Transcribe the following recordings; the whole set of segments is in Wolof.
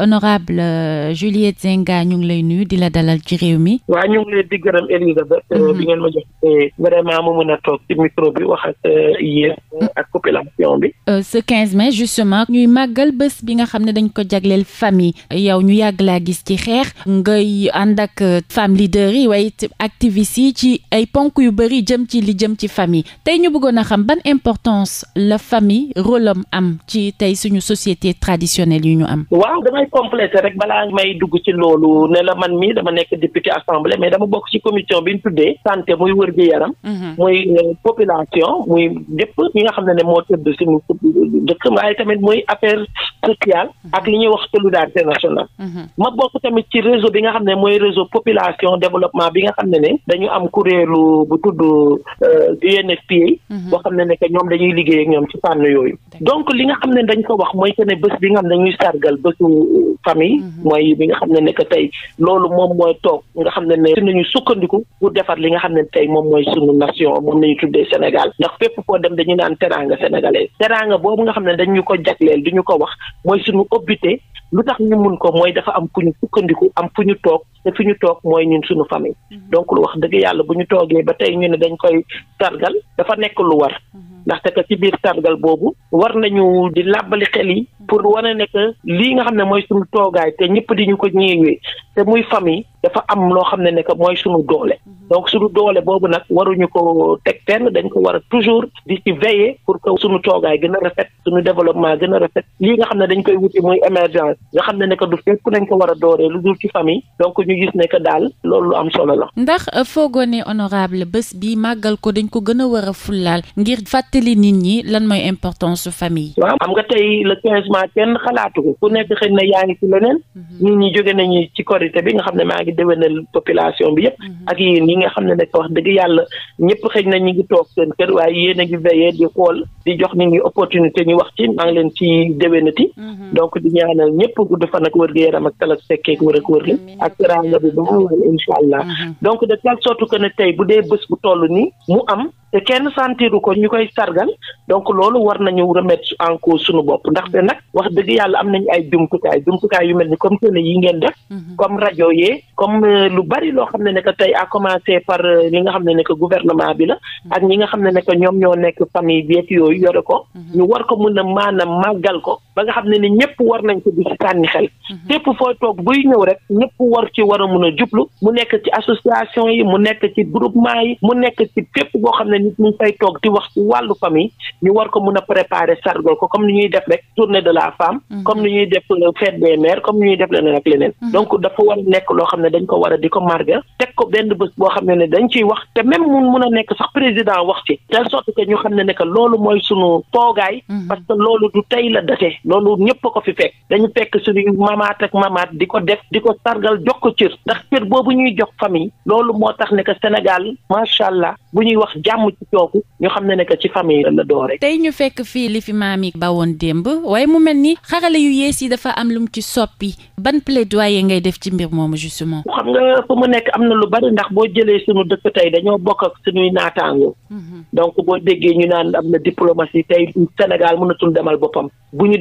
honorable euh, Juliette Zenga ñu ngi lay nuyu di la dalal ci réew mi. waa ñu ngi lay di gërëm Elisabeth. Euh, mhm. bi ngeen ma jox euh, ci micro bi ñuy màggal bés bi nga xam ne dañ ko jagleel famille yow ñu yàgg laa gis ci xeex ngay ànd ak femme leader yi waaye activistes yi ci ay ponk yu bëri jëm ci li jëm ci famille tey ñu bëggoon a xam ban importance la famille rôle am am ci tey suñu société traditionnelle yu ñu am. waaw damay complété rek balaa may dugg ci loolu ne la man mii dama nekk député assemblée mais dama bokk ci commission bi ñu tuddee santé muy wër gi yaram. Mhm. muy euh, population muy lépp ñi nga xam ne moo tëdd suñu dëkk waaye tamit muy affaire sociale mhm. ak li ñuy wax solidarité nationale. Mhm. ci réseau bi nga xam ne mooy réseau population développement bi nga xam ne ne dañu am kuréelu bu tudd euh, UNFPA. boo xam ne ne ñoom dañuy liggéey ak ñoom ci fànn yooyu donc li nga xam ne dañ ko wax mooy que ne bés bi nga xam ne dañuy sargal bésu famille. Mhm. mooy bi nga xam ne ne que tey loolu moom mooy toog nga xam ne ne nañu sukkandiku pour defar li nga xam ne tey moom mooy sunu nation moom nañu tuddee Sénégal ndax fépp foo dem dañu naan teraanga sénégalais teraanga boobu nga xam ne dañu ko jagleel du ñu ko wax mooy sunu obité lu tax ñu mun ko mooy dafa am fu ñu sukkandiku am fu ñu toog te fi ñu toog mooy ñun suñu famille mhm. donc lu wax dëgg yàlla bu ñu toogee ba tey ñu ne dañ koy sargal dafa nekk lu war mhm. ndaxte que ci biir sargal boobu war nañu di làbbali xel yi pour wane ne que lii nga xam ne mooy suñu toogaay te ñëpp di ñu ko ñeewee te muy famille dafa am loo xam ne ne que mooy suñu doole. donc suñu doolee boobu nag waruñu ko teg fenn dañ ko war a toujours di ci veiller pour que suñu toogaay gën a rafet suñu développement gën a rafet lii nga xam ne dañ koy wuti muy émergence nga xam ne ne que du fépp nañ ko war a dooree lu dul ci famille donc ñu gis ne que daal lool lu am solo la. ndax euh, foogoo ne honorable bés bi màggal ko dañ ko gën a war a fullaal ngir fàttali nit ñi lan mooy importance su famille. waaw am nga tey le quinze kenn xalaatu ko ku nekk xëy na yaa ngi ci leneen. Mhm. nit jóge nañu ci korité bi nga xam ne maa ngi déwénal population bi yëpp. Mhm. nga xam ne nag wax dëgg yàlla ñëpp xëy na ñu ngi toog seen kër waaye yéen a ngi veillé di xool di jox nit ñi opportunité ñu wax ci maa ngi leen ci déwénati mhm. donc di ñaanal ñëpp gudd fan ak wër gi yaram ak tal fekkeek wër ak wër gi ak teraanga bi ba mu wër allah mhm. donc de telle sorte que ne tey bu dee bés bu toll nii mu am te kenn santiru ko ñu koy sargal donc loolu war nañu remettre en cause suñu bopp ndaxte nag wax dëgg yàlla am nañu ay jumtukaay jumtukaay yu mel ni comme télé yi ngeen def mhm. comme rajo yee comme euh, lu bari loo xam ne ne que tey à commencé par ñi euh, nga xam ne ne que gouvernement bi la mhm. ak ñi nga xam ne ne ñoom ñoo nekk famille bi yooyu yore ko mhm. ñu war ko mun a maanaam màggal ko ba nga xam ne ni ñëpp war nañ ko di si sànni xel tépp mhm. foo toog buy ñëw rek ñëpp war ci war a mun a jublu mu nekk ci association yi mu nekk ci groupement yi mu nekk ci fépp boo xam ne nit ñu fay toog di wax wàllu famille ñu war ko mun a préparer sargal ko comme ni ñuy def rek journée de la femme mhm. comme ni ñuy def euh, fête des mères comme ni ñuy def leneen ak leneen mhm. donc dafa war a nekk loo xam ne dañ ko war a di ko marga teg ko benn bés boo xam ne ne dañ ciy wax te même mun mun a nekk sax président wax ci telle sorte que ñu xam ne ne que loolu mooy sunu toogaay parce que loolu du tey la date loolu ñëpp a ko fi fekk dañu fekk suñuy mamaat ak mamaat di ko def di ko sargal jox ko cër ndax cër boobu ñuy jox famille loolu moo tax ne que Sénégal macha allah bu ñuy wax jàmm ci cooku ñu xam ne ne que ci famille la doore. tey ñu fekk fii li fi maam yi bawoon démb waaye mu mel ni xarale yu yees yi dafa am lu mu ci soppi ban plaidoyer ngay def ci mbir moomu justement. xam nga fu mu nekk am na lu bari ndax boo jëlee suñu dëkk tey dañoo bokk ak suñuy naataango. Mhm. boo déggee ñu naan am na diplomatie tey Sénégal mënatul demal boppam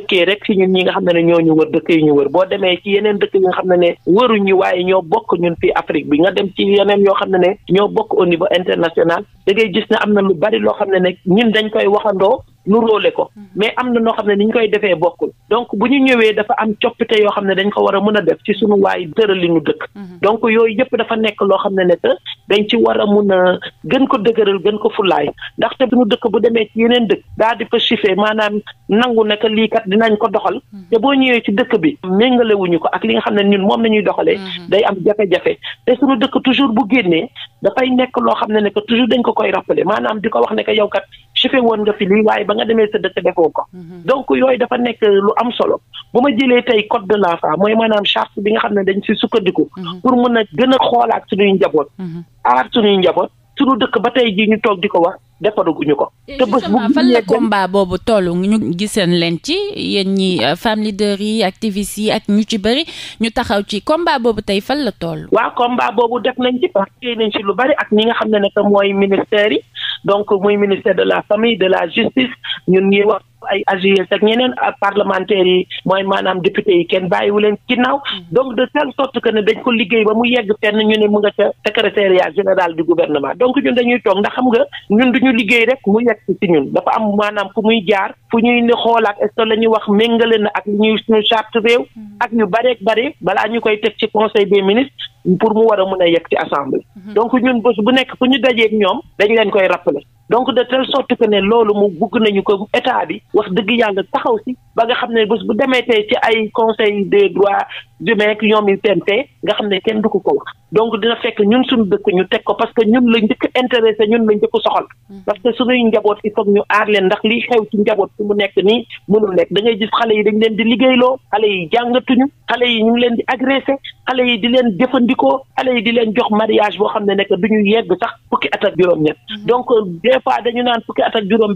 dëkkee rek si ñun ñi nga xam ne ne ñoo ñu wër dëkk yi ñu wër boo demee ci yeneen dëkk yi nga xam ne ne wëruñu waaye ñoo bokk ñun fi Afrique bi nga dem ci yeneen ñoo xam ne ne ñoo bokk au niveau international da ngay gis ne am na lu bari loo xam ne ne ñun dañ koy waxandoo nu róole ko hmm. mais am na noo xam ne ni ñu koy defee bokkul donc bu ñu ñëwee dafa am coppite yoo xam ne dañ ko war a mën a def ci suñu waay tëral li ñu dëkk hmm. donc yooyu yëpp dafa nekk loo xam ne ne que dañ ci war a mun a gën ko dëgëral gën ko fulaay ndaxte bu ñu dëkk bu demee ci dëkk daal di ko chiffé maanaam nangu ne que dinañ ko doxal hmm. te boo ñëwee ci dëkk bi méngalewuñu ko ak li nga xam ne ñun moom nañuy doxalee day am jafe-jafe te suñu dëkk toujours bu génnee dafay nekk loo xam ne ne que toujours dañ ko koy rappelé maanaam di ko wax ne que yow kat chiffé woon nga fi lii waaye ba nga demee sa dëkk defoo ko mhm. donc yooyu dafa nekk lu am solo bu ma jëlee tey code de la l'enfant mooy maanaam charte bi nga xam ne dañ si sukkandiku mhm. pour mën a gën a xoolaat suñuy njaboot mhm. aar suñuy njaboot suñu dëkk ba tey jii ñu toog di ko wax defaraguñu ko. te bés bu fan la combat boobu toll ñu giseen leen ci yéen ñi euh, femme leader yi activistes yi ak ñu ci bëri ñu taxaw ci combat boobu tey fan la toll. waaw combat boobu def nañ ci parce nañ lu bari ak ñi nga xam ne nekk mooy ministère yi. donc muy ministère de la famille de la justice ñun ñuy wax ay AGS ak ñeneen parlementaires yi mooy maanaam député yi kenn bàyyiwu leen ginnaaw mm-hmm. donc de telle sorte que ne dañ ko liggéey ba mu yegg fenn ñu ne mu nga ca secrétariat général du gouvernement donc ñun dañuy toog ndax xam nga ñun du ñu liggéey rek mu yegg si ñun dafa am maanaam fu muy jaar fu ñuy ne xoolaat est-ce la ñuy wax méngale na ak ñu ñuy suñu charte réew mm-hmm. ak ñu bareek bare balaa ñu koy teg ci conseil des ministres pour mu war a mën a yegg ci assemblée mm-hmm. donc ñun bés bu nekk fu ñu dajeeg ñoom dañ leen koy rappeler donc de telle sorte que ne loolu mu bugg nañu ko état bi wax dëgg yàlla taxaw si ba nga xam ne bés bu demee tey ci ay conseil des droits jëmee ak ñoom yi PMT nga xam ne kenn du ko ko wax donc dina fekk ñun suñu dëkk ñu teg ko parce que ñun lañ njëkk intéressé ñun lañ njëkk soxal mm-hmm. parce que suñuy njaboot il faut ñu aar leen ndax liy xew ci njaboot su mu nekk nii mënul nekk da ngay gis xale yi dañ leen di liggéeyloo xale yi jàngatuñu xale yi ñu ngi leen di agressé xale yi di leen jëfandikoo xale yi di leen jox mariage boo xam ne nekk du ñu yegg sax fukki at ak juróom-ñett mm-hmm. donc euh, des fois dañu naan fukki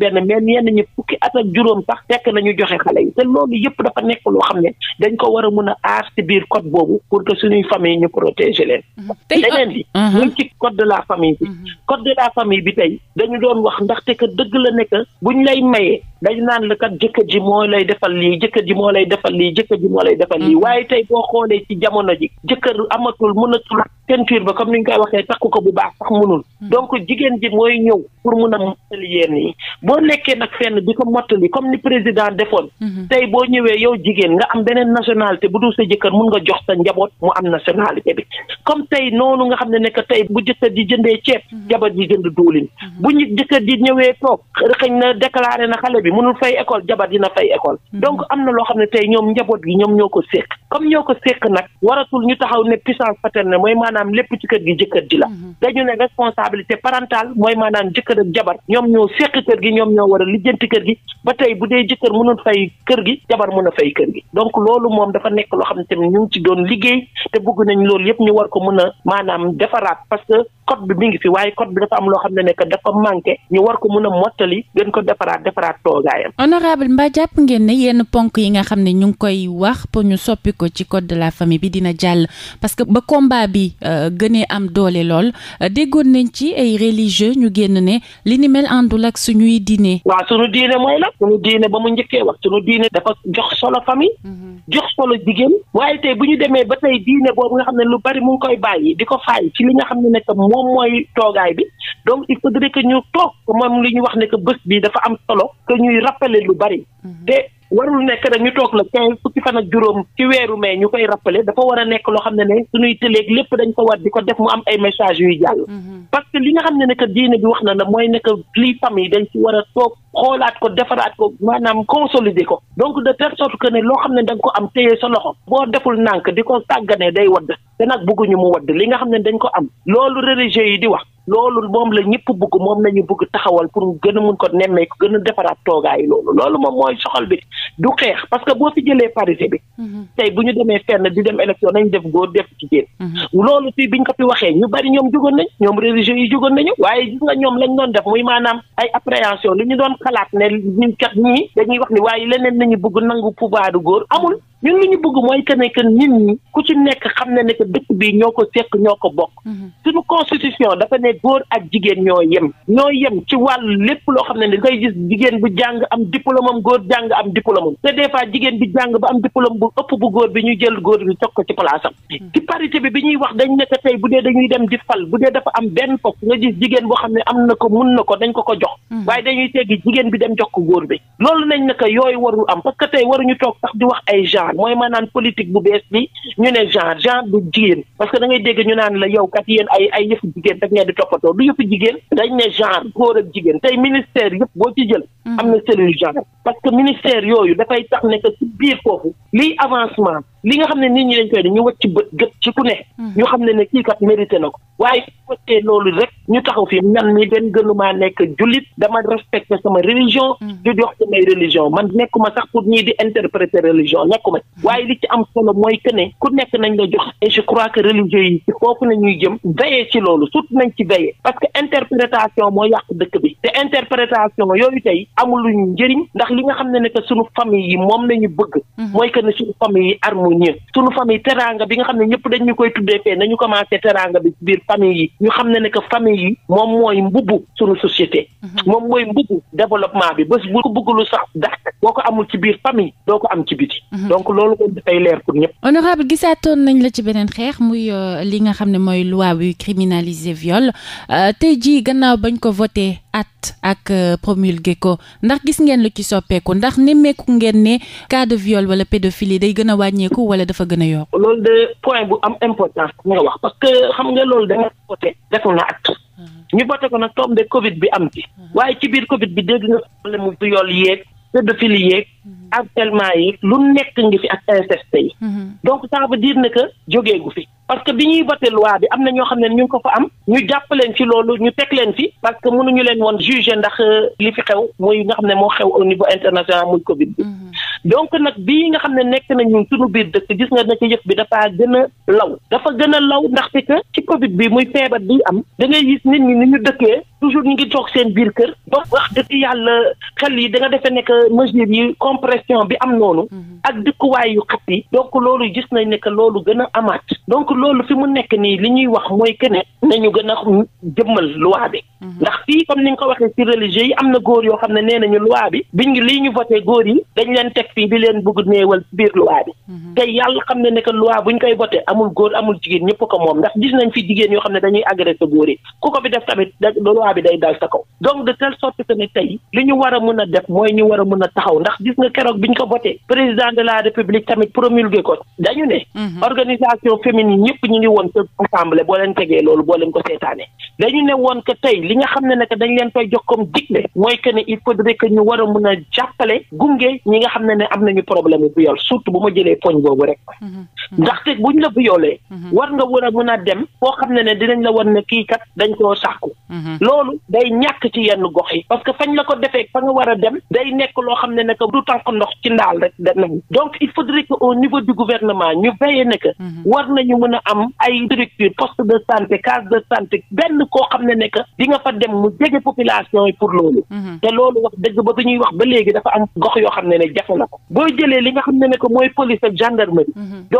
benn mais ñenn ñi fukki at ak juróom sax fekk nañu joxe yi te loolu yëpp nekk loo xam ne a mën biir code boobu pour que suñuy famille ñu protéger leen. Mhm. leneen ah, li mhm. muy ci code de la famille bi. Mhm. code de la famille bi tey dañu doon wax ndaxte que dëgg la ne que buñ lay mayee dañ naan la kat jëkkër ji moo lay defal lii jëkkër ji moo lay defal lii jëkkër ji moo lay defal lii waaye tey boo xoolee ci jamono ji jëkkër amatul mënatul ceinture ba comme ni ñu koy waxee takk ko bu baax sax mënul donc jigéen ji mooy ñëw pour mun a mottali yéen yi boo nekkee nag fenn di ko mottali comme ni président defoon tey boo ñëwee yow jigéen nga am beneen nationalité bu dul sa jëkkër mun nga jox sa njaboot mu am nationalité bi comme tey noonu nga xam ne nekk tey bu jëkkër ji jëndee ceeb mhm. jabar ji jënd duulin mhm. bu jëkkër ji ñëwee toog xëy na déclaré na xale bi mënul fay école jabar dina fay école mhm. donc am na loo xam ne tey ñoom njaboot gi ñoom ñoo ko séq comme ñoo ko séq nag waratul ñu taxaw ne puissance paternelle mooy maanaam lépp ci kër gi jëkkër ji la dañu ne responsabilité parentale mooy maanaam jëkkër ak jabar ñoom ñoo séq kër gi ñoom ñoo war a lijjanti kër gi ba tey bu dee jëkkër mënul gi jabar mën a gi ñu ngi ci doon liggéey te bëgg nañ loolu yëpp ñu war ko mën a maanaam defaraat parce que code bi mi ngi fi waaye code bi dafa am loo xam ne ne dafa manqué ñu war ko mën a mottali gën ko defaraat defaraat toogaayam. honorable mbaa jàpp ngeen ne yenn ponk yi nga xam ne ñu ngi koy wax pour ñu soppi ko ci code de la famille bi dina jàll parce que ba combat bi euh, gënee am doole lool euh, déggoon nañ ci ay religieux ñu génn ne li ni mel àndul ak suñuy ñuy waaw suñu diine mooy la suñu ba mu njëkkee wax suñu diine dafa jox solo mm-hmm. tey bu ñu demee ba tey diine boobu nga xam ne lu bari mu koy bàyyi di ko fay ci li nga xam ne ne moom mooy toogaay bi donc il faudrait que ñu toog moom li ñu wax ne que bés bi dafa am solo que ñuy rappeler lu bari mm-hmm. te warul nekk rek ñu toog la quinze fukki fan ak juróom ci weeru mais ñu koy rappelé dafa war a nekk loo xam ne ne suñuy tëleeg lépp dañ ko war di ko def mu am ay message yuy jàll mhm. parce que li nga xam ne ne que diine bi wax na la mooy ne que lii famille dañ ci war a toog xoolaat ko defaraat ko maanaam consolider ko donc de telle sorte que ne loo xam ne da ko am téye sa loxo boo deful nànk di ko sàgganee day wadd te nag bëgguñu mu wadd li nga xam ne dañ ko am loolu religieux yi di wax loolu moom la ñëpp bëgg moom la ñu bëgg taxawal pour gën a mun ko nemmee ko gën a defaraat toogaay loolu loolu moom mooy soxal bi du xeex parce que boo fi jëlee parité bi mhm. tey bu ñu demee fenn di dem élection nañ def góor def jigéen mhm. loolu fii biñ ko fi waxee ñu bari ñoom jógoon nañ ñoom religieux yi jógoon nañu waaye gis nga ñoom lañ doon def muy maanaam ay appréhension li ñu doon xalaat ne ñun kat dañuy wax ni waaye leneen nañu bëgg nangu pouvoir du góor amul ñun li ñu bëgg mooy que ne que nit ku ci nekk xam na ne que dëkk bi ñoo ko seq ñoo ko bokk. Mhm. suñu constitution dafa ne góor ak jigéen ñoo yem. ñoo yem ci wàll lépp loo xam ne da ngay gis jigéen bu jàng am diplôme am góor jàng am diplôme am te des fois jigéen bi jàng ba am diplôme bu ëpp bu góor bi ñu jël góor bi teg ko ci place am. Mhm. ci parité bi bi ñuy wax dañ nekk tey bu dee dañuy dem di fal bu dee dafa am benn poste nga gis jigéen boo xam ne am na ko mun na ko dañ ko ko jox. Mhm. waaye dañuy teggi jigéen bi dem jox ko góor bi. loolu nañ ne que yooyu warul am parce que tey waruñu toog sax di wax ay genre mooy mooy naan politique bu bees bi ñu ne genre genre du jigéen parce que da ngay dégg ñu naan la yow kat yéen ay ay yëfu jigéen rek ngeen di toppatoo du yëfu jigéen dañ ne genre góor ak jigéen tey ministère yëpp boo ci jël mhm. am na yu genre parce que ministère yooyu dafay tax ne que biir foofu liy avancement li nga xam ne nit ñi dañ koy def ñu wacc bët gët ci ku ne. Hmm. ñu xam ne ne kii kat mérité na ko waaye waccee loolu rek ñu taxaw fii man mi benn gënumaa nekk jullit dama respecté sama religion. Hmm. du jox samay religion man nekkuma sax pour ñii di interpréter religion nekkuma hmm. waaye li ci am solo mooy que ku nekk nañ la jox et je crois que religion yi ci foofu la ñuy jëm veillé ci loolu surtout nañ ci veillé parce que interprétation moo yàq dëkk bi te interprétation yooyu tey amul lu ñu njëriñ ndax li nga xam ne ne que yi moom la ñu bëgg. ñëpp sunu famille teranga bi nga xam ne ñëpp dañ koy tuddee fee nañu commencé teranga bi biir famille yi ñu xam ne ne famille yi moom mooy mbubbu sunu société mhm. moom mooy mbubbu développement bi bés bu ko bëgg lu sax dax boo ko amul ci biir famille doo ko am ci biti mhm. donc loolu kon dafay leer pour ñëpp honorable gisaatoon nañ la ci beneen xeex muy euh, li nga xam ne mooy loi bi criminaliser viol euh, te ji gannaaw bañ ko voté at ak euh, promulgué ko ndax gis ngeen lu ci soppeeku ndax nemmeeku ngeen ne cas de viol a wàññeeku wala dafa gën a yokk. loolu de point bu am importance nga wax parce que xam nga loolu da nga voté deful na at. Uh-huh. ñu voté ko nag tombé Covid bi am ci. Uh-huh. waaye ci biir Covid bi dégg nga problème mu bu yool yéeg pédophilie yeeg. Uh-huh. harcèlement lu nekk ngi fi ak inceste yi. donc ça veut dire ne jógee gu fi. parce que bi ñuy voté loi bi am na ñoo xam ne ñu ngi ko fa am ñu jàpp leen ci loolu ñu teg leen fi parce que mënuñu leen woon juger ndax euh, li fi xew muy nga xam ne moo xew au niveau international muy donc nag bii nga xam ne nekk na ñun suñu biir dëkk gis nga ne ko yëf bi dafa gën a law dafa gën a law ndaxte que ci Covid bi muy feebar bi am da ngay gis nit ñi ni ñu dëkkee toujours ñu ngi toog seen biir kër ba wax dëgg yàlla xel yi da nga defee nekk mesure yi compression bi am noonu mhm. ak dëkkuwaay yu xat yi donc loolu gis nañ ne que loolu gën a amaat donc loolu fi mu nekk nii li ñuy wax mooy que ne nañu gën a jëmmal loi bi mhm. ndax fii comme ni nga ko waxee ci religieux yi am na góor yoo xam ne nee nañu loi bi biñ lii ñu voté góor yi dañ leen teg fii di leen bëgg néewal biir loi bi mhm. te yàlla xam ne ne que loi buñ koy voté amul góor amul jigéen ñëpp ko moom ndax gis nañ fi jigéen yoo xam ne dañuy agressé góor yi def tamit loi bi day dal sa kaw donc de telle sorte que ne tey li ñu war a mën a def mooy ñu war a mën a taxaw ndax gis nga keroog bi ñu ko voté président de la république tamit promulgué ko dañu ne mhm. organisation féminine ñëpp ñu ngi woon sa assemblée boo leen tegee loolu boo leen ko seetaanee dañu ne woon que tey li nga xam ne ne dañ leen koy jox comme digle mooy que ne il faudrait que ñu war a mën a jàppale gunge ñi nga xam ne ne am nañu problème bu surtout bu mhm. Mhm. a loolu day ñàkk ci yenn gox yi parce que fañ la ko defee fa nga war a dem day nekk loo xam ne ne du tànk ndox ci ndaal rek danañ donc il faudrait que au niveau du gouvernement ñu veillé ne que mhm. war nañu mën a am ay structure poste de santé case de santé benn koo xam ne ne di nga fa dem mu jege population yi pour loolu mhm. te loolu wax dëgg ba bi ñuy wax ba léegi dafa am gox yoo xam ne ne jafe la ko booy jëlee li nga xam ne ne mooy police ak gendarmerie mhm.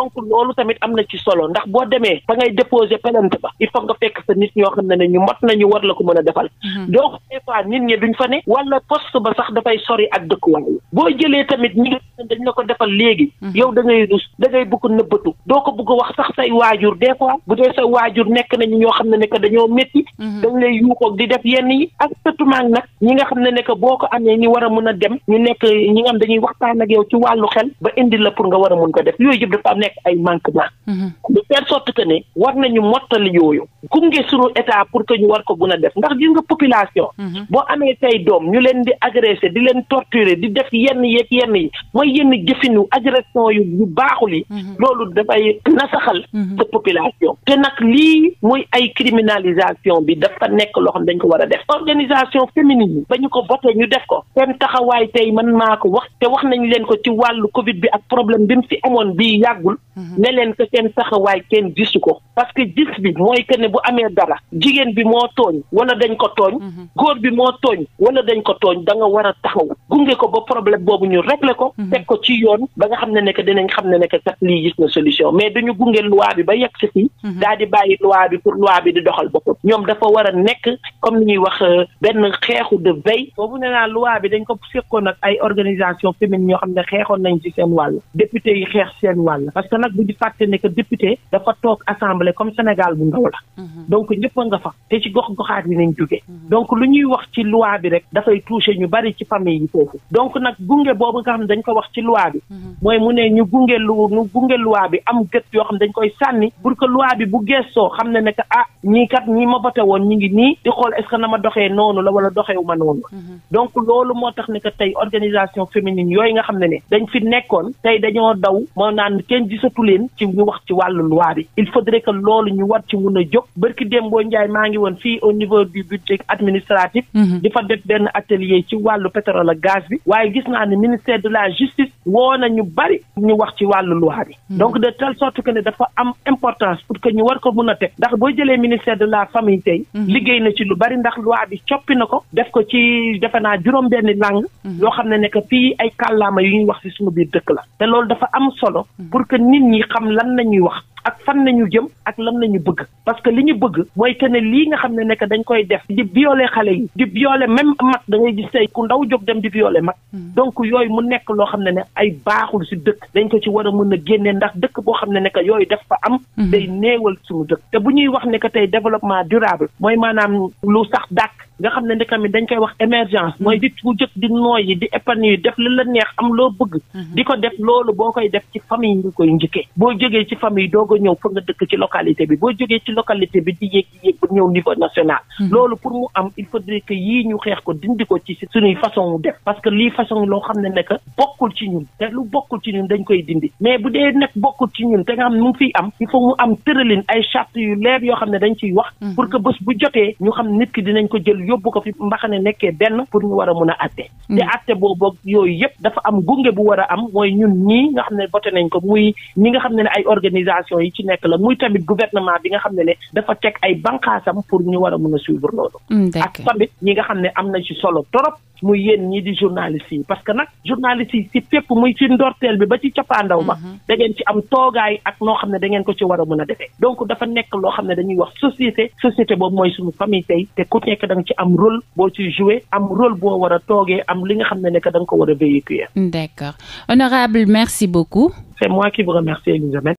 a defal. Mhm. donc des fois nit ñi duñ fa ne. wala poste ba sax dafay sori ak dëkkuwaay. boo jëlee tamit ñi nga la ko defal léegi. Mhm. yow da ngay rus da ngay bëgg nëbbatu. doo ko bëgg wax sax say waajur des fois bu dee sa waajur nekk nañu ñoo xam ne ne que dañoo métti. Mhm. dañ lay yuuxoog di def yenn yi ak sa surtout nag ñi nga xam ne ne que boo ko amee ni war a mun a dem ñu nekk ñi nga am dañuy waxtaan ak yow ci wàllu xel ba indi la pour nga war a mun ko def yooyu yëpp dafa am nekk ay manquement. de telle sorte que ne war nañu mottali yooyu gunge suñu état pour que ñu war ko gën a def ndax ndax gis nga population. Mhm. boo amee say doom ñu leen di agressé di leen torturer di def yenn yeeg yenn yi mooy yenn jëfinu agression yu yu baaxul yi. Mhm. loolu dafay nasaxal. Mhm. sa population. te nag lii muy ay criminalisation bi dafa nekk loo xam dañ ko war a def. organisation féminine yi ba ñu ko voté ñu def ko. seen taxawaay tey man maa ko wax te wax nañ leen ko ci wàllu Covid bi ak problème bi mu fi amoon bii yàggul. ne leen ko seen taxawaay kenn gisu ko. parce que gis bi mooy que ne bu amee dara. dañ ko tooñ mhm. góor bi moo tooñ wala dañ ko tooñ da war a taxaw gunge ko ba problème boobu ñu régler ko mhm. teg ko ci yoon ba nga xam ne nekk dinañ xam ne nekk kat lii gis na solution mais duñu gunge loi ba yegg si fii mhm. di bàyyi loi bi pour loi bi di doxal boppam ñoom dafa war a nekk comme ni ñuy wax euh, benn xeexu de veille boobu nee naa loi bi dañ ko fekkoon ak ay organisation féminine ñoo xam ne xeexoon nañ ci seen wàll député yi xeex seen wàll parce que nag bu ñu fàtte ne que député dafa toog assemblée bu ndaw lañ jóge mhm. donc lu ñuy wax ci loi bi rek dafay toucher ñu bari ci famille yi foofu donc nag gunge boobu nga xam ne dañ ko wax ci loi bi mhm. lu ñu gunge loi bi am gët yoo xam dañ koy sànni pour que loi bi bu gëstoo xam ne ne que ah ñii kat ma voté woon ñu ngi nii di xool est na ma doxee noonu la wala doxeewu ma noonu mhm. donc loolu moo tax ne que tey organisation féminine yooyu nga xam ne ne dañ fi nekkoon tey dañoo daw moo naan kenn gisatu leen ci ñu wax ci wàllu loi bi il faudrait que loolu ñu war ci mun a jóg budget administratif mhm. di fa def benn atelier ci wàllu pétrole ak gaz bi waaye gis naa ne ministère de la justice woo na ñu bari ñu wax ci wàllu loi bi mhm. donc de telle sorte que ne dafa am importance pour que ñu war ko mun a teg ndax boo jëlee ministère de la famille tey mhm. liggéey na ci lu bari ndax loi bi coppi na ko def ko ci defe naa juróom benni langue yoo xam ne ne que fii ay kàllaama yu ñuy wax ci suñu biir dëkk la te loolu dafa am solo pour que nit ñi xam lan la ñuy wax ak fan nañu jëm ak lan nañu bëgg parce que li ñu bëgg mooy que ne lii nga xam ne nekk dañ koy def di violer xale yi di violer même mag da ngay gis tey ku ndaw jóg dem di violer mag hmm. donc yooyu mu nekk loo xam ne ne ay baaxul si dëkk dañ ko ci war a mën a génne ndax dëkk boo xam ne ne que yooyu def ko am hmm. day néewal suñu dëkk te bu ñuy wax ne que tey développement durable mooy maanaam lu sax dàkk nga xam ne ndekam dañ koy wax émergence mooy di ku jëkk di nooyi di épanouir def li la neex am loo bëgg mhm. di ko def loolu boo koy def ci famille nga koy njëkkee boo jógee ci famille doog ñëw fa nga dëkk ci localité bi boo jógee ci localité bi di yéeg di yéeg ba ñëw niveau national mhm. loolu pour mu am il faudrait que yii ñu xeex ko dindi ko ci suñuy façon def parce que li façon loo xam ne nekk bokkul ci ñun te lu bokkul ci ñun dañ koy dindi mais bu dee nekk bokkul ci ñun te nga xam ne mu ngi fiy am il faut ay charte yu yoo xam ne dañ ciy wax mhm. pour que bés bu jotee ñu xam nit ki dinañ ko jël yóbbu ko fi mbaxane nekkee benn pour ñu war a mun a atte mm. te atte boobu yooyu yëpp dafa am gunge bu war a am mooy ñun ñii nga xam ne voté nañ ko muy ñi nga xam ne ne ay organisation yi ci nekk la muy tamit gouvernement bi nga xam ne ne dafa teg ay banqaasam pour ñu war a mun a suivre loolu mm, ak tamit ñi nga xam ne am na ci solo trop muy yéen ñii di journaliste yi parce que nag journaliste yi si fépp muy ci ndorteel bi ba ci cappaandaw ba mm-hmm. da ngeen ci am toogaay ak noo xam ne da ngeen ko ci war a mën a defee donc dafa nekk loo xam ne dañuy wax société société boobu mooy suñu famille tey te ku nekk da am rôle boo ci joué am rôle boo war a toogee am li nga xam ne ne da nga ko war a véhiculer. d'accord honorable merci beaucoup. c'est moi qui vous remercie Elisabeth.